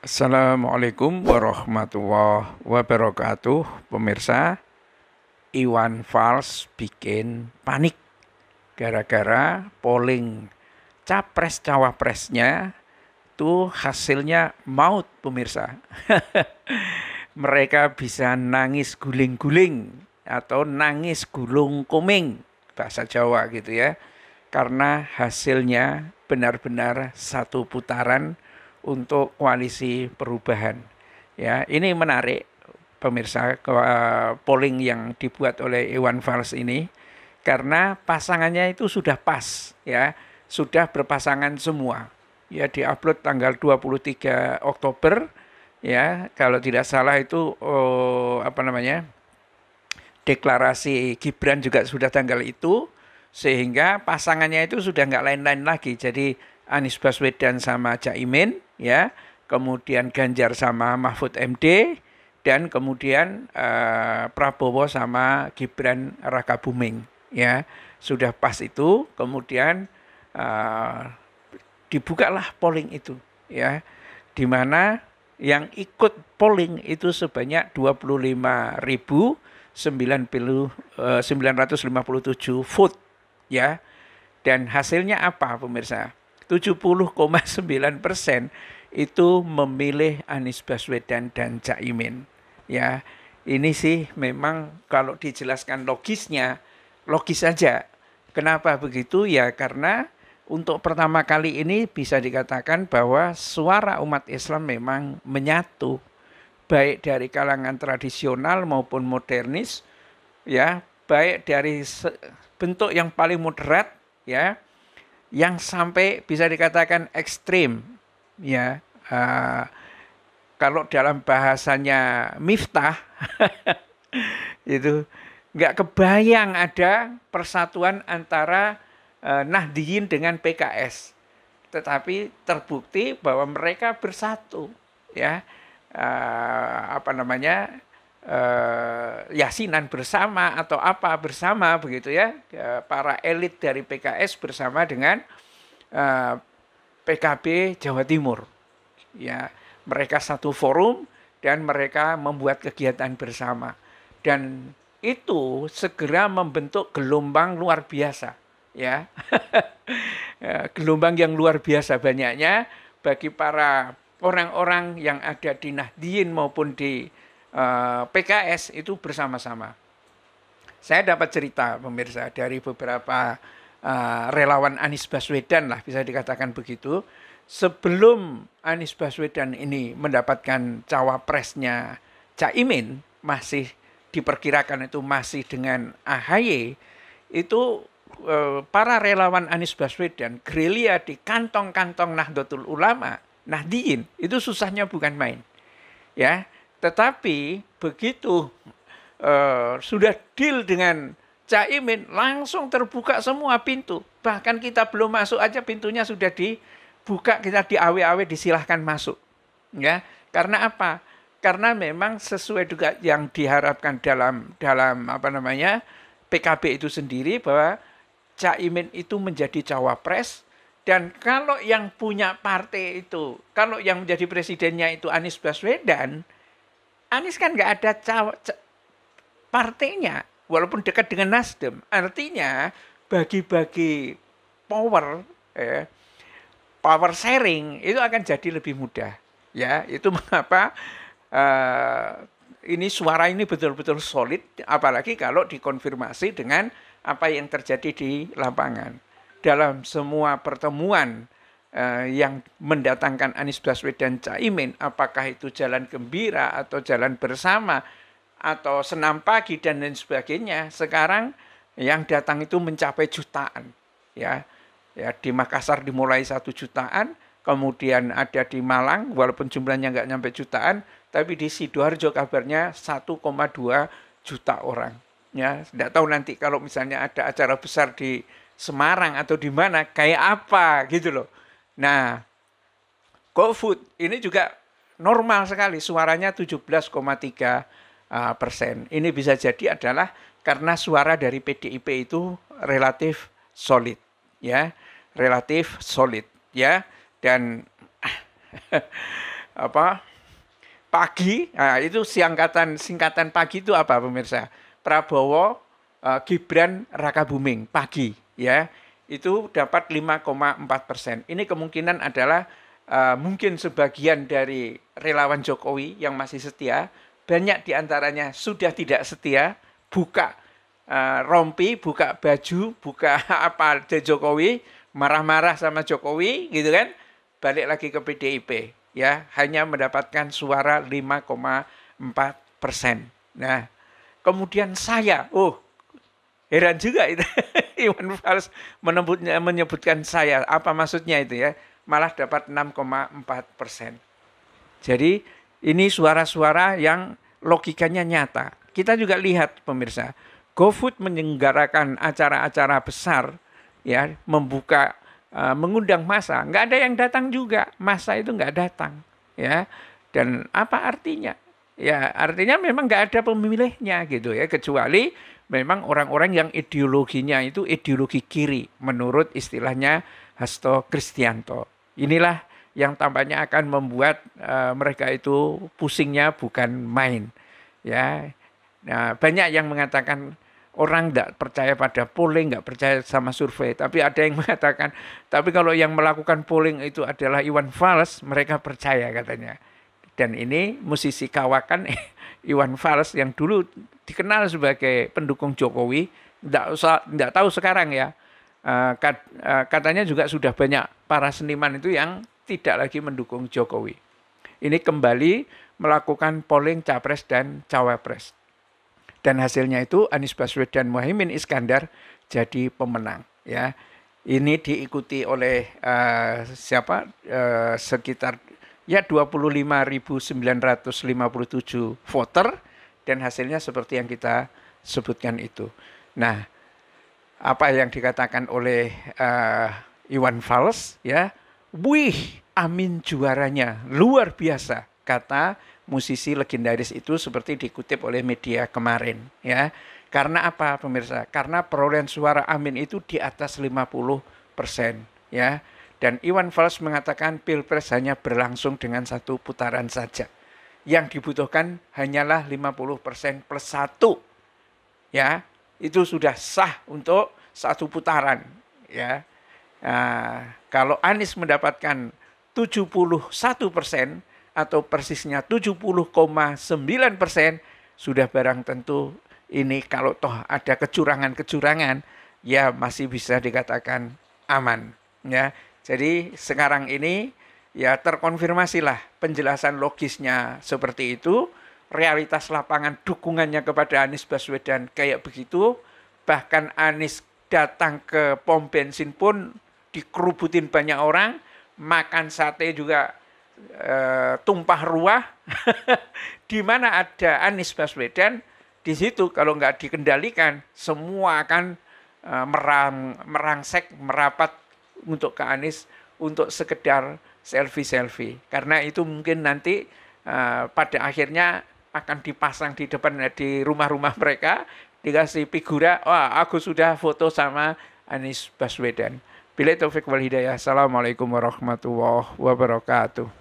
Assalamualaikum warahmatullahi wabarakatuh Pemirsa Iwan Fals bikin panik Gara-gara polling capres-cawapresnya tuh hasilnya maut pemirsa Mereka bisa nangis guling-guling Atau nangis gulung kuming Bahasa Jawa gitu ya Karena hasilnya benar-benar satu putaran untuk koalisi perubahan. Ya, ini menarik pemirsa uh, polling yang dibuat oleh Iwan Fals ini karena pasangannya itu sudah pas ya, sudah berpasangan semua. Ya diupload tanggal 23 Oktober ya, kalau tidak salah itu oh, apa namanya? deklarasi Gibran juga sudah tanggal itu sehingga pasangannya itu sudah nggak lain-lain lagi. Jadi Anies Baswedan sama Cak ya kemudian Ganjar sama Mahfud MD dan kemudian eh, Prabowo sama Gibran Raka Buming ya sudah pas itu kemudian eh, dibukalah polling itu ya di mana yang ikut polling itu sebanyak 25.957 eh, vote ya dan hasilnya apa pemirsa 70,9 persen itu memilih Anies Baswedan dan Caimin. Ya, ini sih memang kalau dijelaskan logisnya, logis saja. Kenapa begitu? Ya karena untuk pertama kali ini bisa dikatakan bahwa suara umat Islam memang menyatu baik dari kalangan tradisional maupun modernis ya baik dari bentuk yang paling moderat ya yang sampai bisa dikatakan ekstrim ya uh, kalau dalam bahasanya Miftah itu nggak kebayang ada persatuan antara uh, Nahdiyin dengan PKS tetapi terbukti bahwa mereka bersatu ya uh, apa namanya uh, yasinan bersama atau apa bersama begitu ya, ya para elit dari PKS bersama dengan uh, eh, PKB Jawa Timur ya mereka satu forum dan mereka membuat kegiatan bersama dan itu segera membentuk gelombang luar biasa ya, ya gelombang yang luar biasa banyaknya bagi para orang-orang yang ada di Nahdien maupun di Eh, PKS itu bersama-sama. Saya dapat cerita pemirsa dari beberapa uh, relawan Anies Baswedan lah bisa dikatakan begitu. Sebelum Anies Baswedan ini mendapatkan cawapresnya Caimin masih diperkirakan itu masih dengan AHY itu eh, para relawan Anies Baswedan gerilya di kantong-kantong Nahdlatul Ulama Nahdiyin itu susahnya bukan main ya tetapi begitu uh, sudah deal dengan Caimin, langsung terbuka semua pintu. Bahkan kita belum masuk aja pintunya sudah dibuka, kita diawe-awe disilahkan masuk. Ya, karena apa? Karena memang sesuai juga yang diharapkan dalam dalam apa namanya PKB itu sendiri bahwa Caimin itu menjadi cawapres dan kalau yang punya partai itu, kalau yang menjadi presidennya itu Anies Baswedan, Anies kan nggak ada partainya, walaupun dekat dengan Nasdem. Artinya bagi-bagi power, eh, power sharing itu akan jadi lebih mudah. Ya, itu mengapa uh, ini suara ini betul-betul solid, apalagi kalau dikonfirmasi dengan apa yang terjadi di lapangan. Dalam semua pertemuan Eh, yang mendatangkan Anies Baswedan Caimin, apakah itu jalan gembira atau jalan bersama atau senam pagi dan lain sebagainya. Sekarang yang datang itu mencapai jutaan, ya. Ya di Makassar dimulai satu jutaan, kemudian ada di Malang walaupun jumlahnya nggak nyampe jutaan, tapi di sidoarjo kabarnya 1,2 juta orang. Ya, tidak tahu nanti kalau misalnya ada acara besar di Semarang atau di mana kayak apa gitu loh Nah, GoFood ini juga normal sekali suaranya 17,3 uh, eh, persen. Ini bisa jadi adalah karena suara dari PDIP itu relatif solid, ya, relatif solid, ya, dan apa pagi nah itu singkatan singkatan pagi itu apa pemirsa Prabowo eh, Gibran Raka Buming pagi ya itu dapat 5,4 persen. Ini kemungkinan adalah uh, mungkin sebagian dari relawan Jokowi yang masih setia, banyak diantaranya sudah tidak setia, buka uh, rompi, buka baju, buka apa de Jokowi, marah-marah sama Jokowi, gitu kan? Balik lagi ke PDIP, ya hanya mendapatkan suara 5,4 persen. Nah, kemudian saya, oh heran juga itu. Iwan Fals menyebutnya, menyebutkan saya. Apa maksudnya itu ya? Malah dapat 6,4 persen. Jadi ini suara-suara yang logikanya nyata. Kita juga lihat pemirsa, GoFood menyenggarakan acara-acara besar, ya membuka, uh, mengundang masa. Nggak ada yang datang juga, masa itu nggak datang, ya. Dan apa artinya? Ya artinya memang nggak ada pemilihnya gitu ya, kecuali memang orang-orang yang ideologinya itu ideologi kiri menurut istilahnya Hasto Kristianto. Inilah yang tampaknya akan membuat uh, mereka itu pusingnya bukan main. Ya. Nah, banyak yang mengatakan orang tidak percaya pada polling, nggak percaya sama survei. Tapi ada yang mengatakan, tapi kalau yang melakukan polling itu adalah Iwan Fals, mereka percaya katanya. Dan ini musisi kawakan Iwan Fals yang dulu dikenal sebagai pendukung Jokowi, tidak usah tidak tahu sekarang ya. Eh, eh, katanya juga sudah banyak para seniman itu yang tidak lagi mendukung Jokowi. Ini kembali melakukan polling capres dan cawapres. Dan hasilnya itu Anies Baswedan Muhaimin Iskandar jadi pemenang ya. Ini diikuti oleh uh, siapa uh, sekitar ya 25.957 voter dan hasilnya seperti yang kita sebutkan itu. Nah, apa yang dikatakan oleh uh, Iwan Fals ya, wih Amin juaranya luar biasa kata musisi legendaris itu seperti dikutip oleh media kemarin ya. Karena apa pemirsa? Karena perolehan suara Amin itu di atas 50 persen ya dan Iwan Fals mengatakan pilpres hanya berlangsung dengan satu putaran saja. Yang dibutuhkan hanyalah 50% plus satu. Ya, itu sudah sah untuk satu putaran. Ya, nah, kalau Anies mendapatkan 71 persen atau persisnya 70,9 persen sudah barang tentu ini kalau toh ada kecurangan-kecurangan ya masih bisa dikatakan aman ya jadi sekarang ini ya terkonfirmasilah penjelasan logisnya seperti itu, realitas lapangan dukungannya kepada Anies Baswedan kayak begitu, bahkan Anies datang ke pom bensin pun dikerubutin banyak orang, makan sate juga e, tumpah ruah. di mana ada Anies Baswedan, di situ kalau nggak dikendalikan semua akan eh, merang, merangsek merapat untuk ke Anies untuk sekedar selfie-selfie. Karena itu mungkin nanti uh, pada akhirnya akan dipasang di depan eh, di rumah-rumah mereka dikasih figura, wah aku sudah foto sama Anies Baswedan. Bila Taufik wal Hidayah. Assalamualaikum warahmatullahi wabarakatuh.